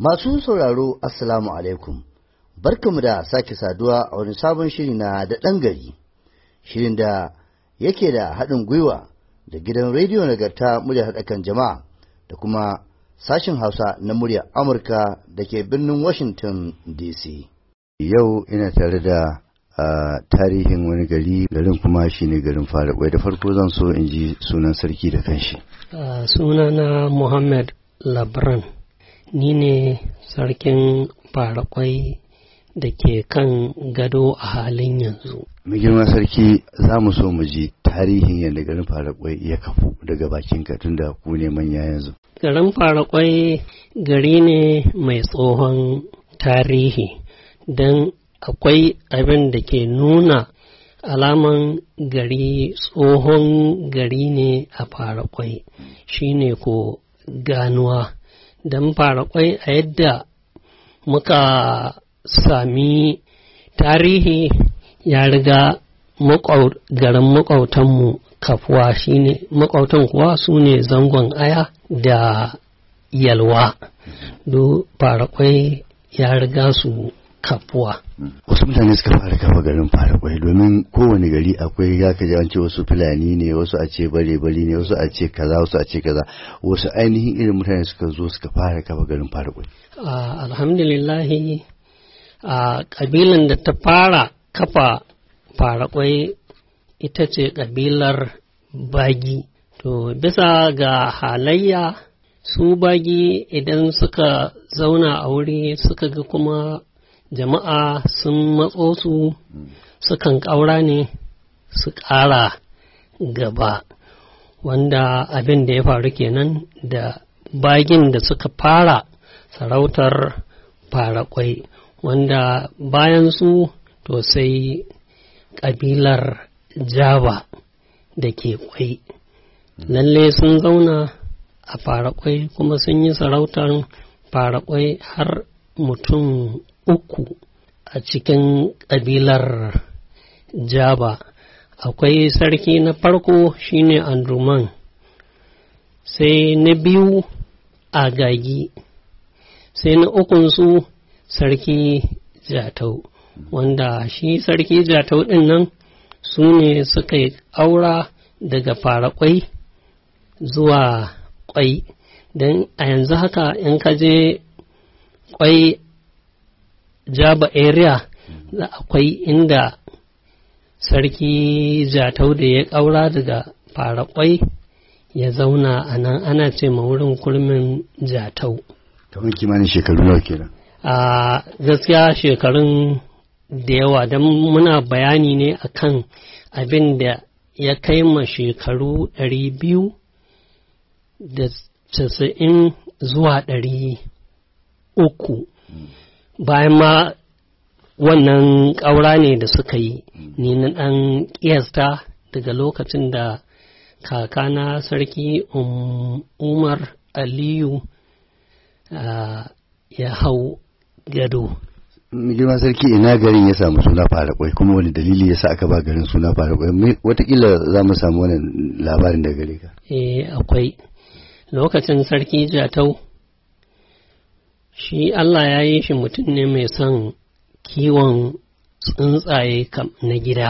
Masu sauraro Assalamu alaikum, barkamu da sake saduwa a wani sabon shiri na da ɗan gari, shirin da yake da haɗin gwiwa da gidan rediyo nagarta muryar haɗakan jama'a da kuma sashin Hausa na muryar Amurka da ke birnin Washington DC. Yau ina tare da a tarihin wani gari garin kuma shi ne garin faruwa da farko zan so in ji sunan sarki da kanshi. sunana Muhammad Labran. ni ne sarkin farakwai da ke kan gado a halin yanzu. Mu girma sarki za mu so mu ji tarihin yadda garin farakwai ya kafu daga bakin katun da ku ne manya yanzu. Garin farakwai gari ne mai tsohon tarihi don akwai abin da ke nuna alaman gari tsohon gari ne a farakwai shine ko ganuwa da mun fara kwai a yadda muka sami tarihi ya riga garin makwautanmu kafuwa shine makwautan kuwa su ne zangon aya da yalwa do fara kwai ya riga su kafuwa. Mm. Wasu mutane suka fara kafa garin fara kwai domin kowane gari akwai ya ka an ce wasu fulani ne wasu a ce bare bari ne wasu a ce kaza wasu a ce kaza wasu ainihin irin mutane suka zo suka fara kafa garin fara kwai. Alhamdulillahi a kabilan da ta fara kafa fara kwai ita ce kabilar bagi. To bisa ga halayya su bagi idan suka zauna a wuri suka ga kuma jama'a sun matso su sukan ƙaura ne su ƙara gaba wanda abin da ya faru kenan da bagin da suka fara sarautar farakwai wanda bayan su to sai ƙabilar java da ke kwai lalle sun zauna a farakwai kuma sun yi sarautar farakwai har mutum uku a cikin ƙabilar jaba akwai sarki na farko shine andruman sai na biyu agagi sai na su sarki jatau wanda shi sarki jatau ɗin nan su ne suka yi aura daga fara kwai zuwa ƙwai don a yanzu haka in ka je kwai jaba area da akwai inda sarki jatau da ya ƙaura daga farakwai ya zauna a nan ana ce ma wurin kurmin jatau kamar kimanin shekaru nawa kenan a gaskiya shekarun da yawa don muna bayani ne akan abin da ya kai ma shekaru ɗari biyu da casa'in zuwa ɗari uku hmm. bayan ma wannan ƙaura ne da suka yi hmm. ni na ɗan ƙiyasta daga lokacin da kakana sarki um-, umar aliyu ya hau gado girma sarki ina garin ya samu suna kwai kuma wani dalili ya sa aka ba garin suna kwai watakila za mu samu wani labarin da gare ka eh akwai lokacin sarki jatau shi Allah ya yi shi mutum ne mai son kiwon tsuntsaye na gida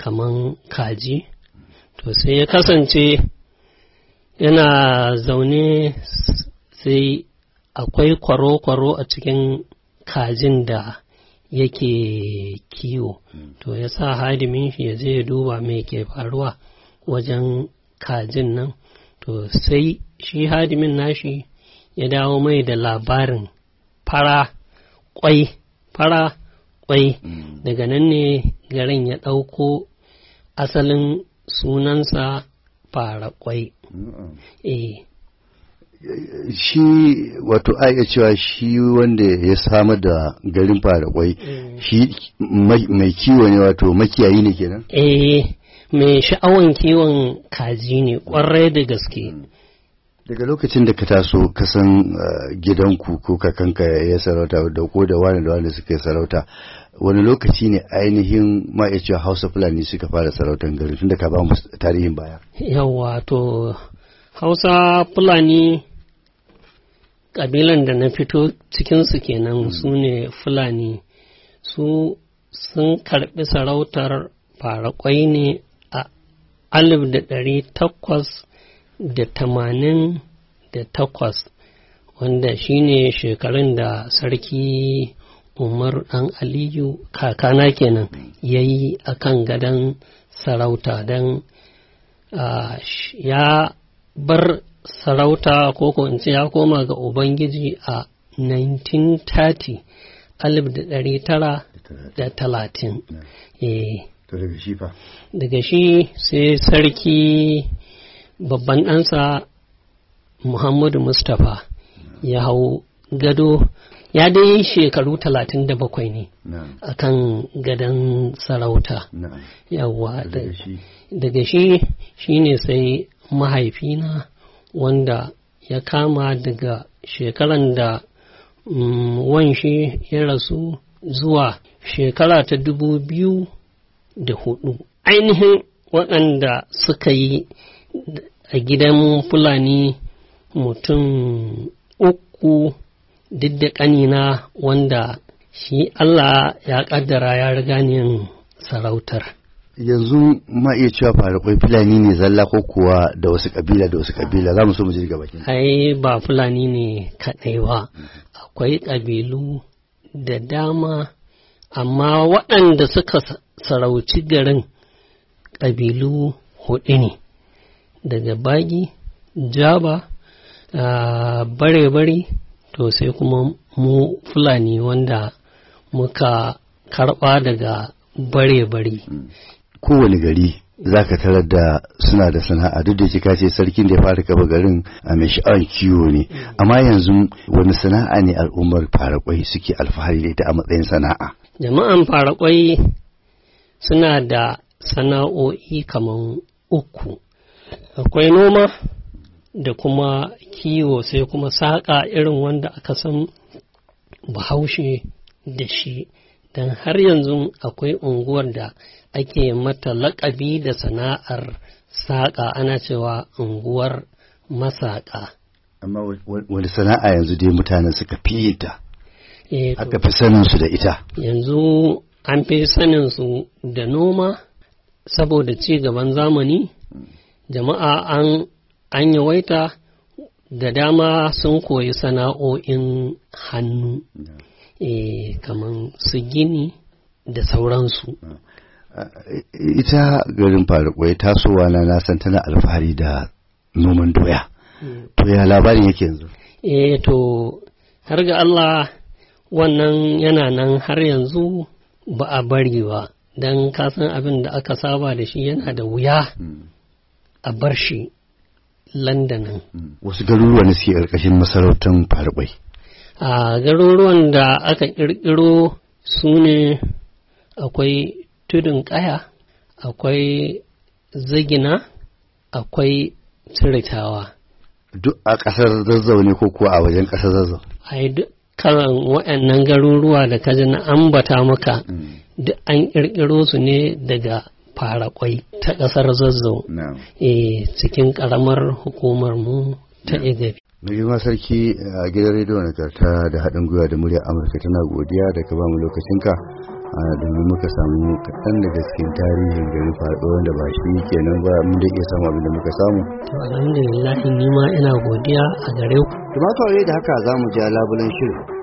kaman kaji to sai ya kasance yana zaune sai akwai kwaro-kwaro a cikin kajin da yake kiwo to ya sa hadimin shi ya zai duba mai ke faruwa wajen kajin nan to sai shi hadimin nashi ya dawo mai da labarin fara kwai fara kwai mm. daga nan ne garin ya ɗauko asalin sunansa fara kwai eh. shi wato aika cewa shi wanda ya samar da garin fara kwai mm. shi mai kiwo ne wato makiyayi ne kenan eh mai sha'awan kiwon kaji ne kwarai da gaske mm. daga lokacin da ka taso kasan eh, gidanku ko kakanka ya sarauta da ko da wani da wani suka sarauta wani lokaci ne ainihin ma hausa fulani suka fara sarautar gari tun da ka ba mu tarihin baya yawa to hausa fulani kabilan da na fito cikinsu kenan hmm. su ne fulani su sun karbi sarautar farakwai ne a alif da ɗari takwas da tamanin da takwas wanda shi ne shekarun da sarki umar ɗan aliyu kakana kenan ya yi a kan gadon sarauta don ya bar sarauta ko ce ya koma ga ubangiji a 1930 alif da dari tara da talatin eh. daga shi sai sarki babban ɗansa muhammadu mustapha ya hau gado ya dai shekaru talatin da bakwai ne a kan gadon sarauta yawwa daga shi shi ne sai mahaifina wanda ya kama daga shekaran da mm, wanshi ya rasu zuwa shekara ta dubu biyu da hudu ainihin waɗanda suka yi a gidan fulani mutum uku duk da ƙanina wanda shi Allah ya ƙaddara ya riga ni sarautar. Yanzu ma iya cewa Fulani ne zalla ko kuwa da wasu kabila da wasu kabila za mu so mu ji gaba Ai ba Fulani ne kaɗai ba, akwai ƙabilu da dama amma waɗanda suka sarauci garin ƙabilu huɗu ne. daga baƙi, jaba bare-bare to sai kuma mu fulani wanda muka karɓa daga bare-bare kowane gari za ka tarar da suna da sana'a duk da kika ce sarkin da ya fara kaba garin a mai sha'awar kiwo ne amma yanzu wani sana'a ne al'ummar farakwai suke alfahari da a matsayin sana'a jama'an farakwai suna da sana'o'i kamar uku akwai noma da kuma kiwo sai kuma saƙa irin wanda aka san bahaushe da shi don har yanzu akwai unguwar da ake mata laƙabi da sana'ar saƙa ana cewa unguwar masaƙa amma wani sana'a yanzu dai mutane suka fi ta eh aka fi saninsu da ita yanzu an fi saninsu da noma saboda ci gaban zamani mm. jama'a an an yawaita da dama sun koyi sana'o'in hannu e, eh, kamar su gini da sauransu eh, ita garin farakwai tasowa na nasan tana alfahari da noman doya hmm. to ya labarin yake yanzu e to har ga Allah wannan yana nan har yanzu ba a bari ba don kasan abin da aka saba da shi yana da wuya hmm. a bar shi landanin hmm. wasu garuruwa ne suke ƙarƙashin masarautar farbai a garuruwan da aka ƙirƙiro su ne akwai tudun ƙaya akwai zagina akwai ciritawa duk a ƙasar zazzau ne ko kuwa a wajen ƙasar zazzau ai duk kalan waɗannan garuruwa da ka na ambata maka hmm. duk an ƙirƙiro su ne daga fara kwai ta ƙasar zazzau eh, cikin ƙaramar hukumar mu ta igabi mai girma sarki a gidan rediyo na karta da haɗin gwiwa da murya amurka tana godiya da ka ba bamu lokacinka a domin muka samu kaɗan daga cikin tarihin da ya faɗo wanda ba shi kenan ba mun da ke samu abin da muka samu. to alhamdulillah ni ma ina godiya a gare ku. da da haka za mu ja labulen shirin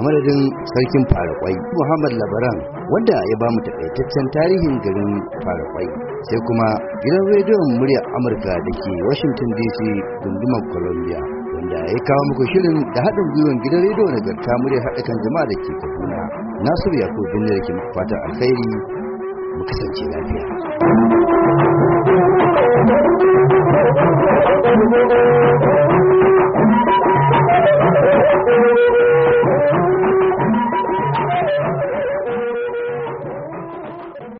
a madadin sarkin farakwai muhammad labaran wanda ya ba mu takaitaccen tarihin garin farakwai sai kuma gidan rediyon muryar amurka da ke washington dc gundumar columbia wanda ya kawo muku shirin da haɗin gwiwar gidan rediyo na garta muryar haɗa kan jama'a da ke kaduna nasiru yakubu binne da ke muku fatan alkhairi mu kasance lafiya Thank you.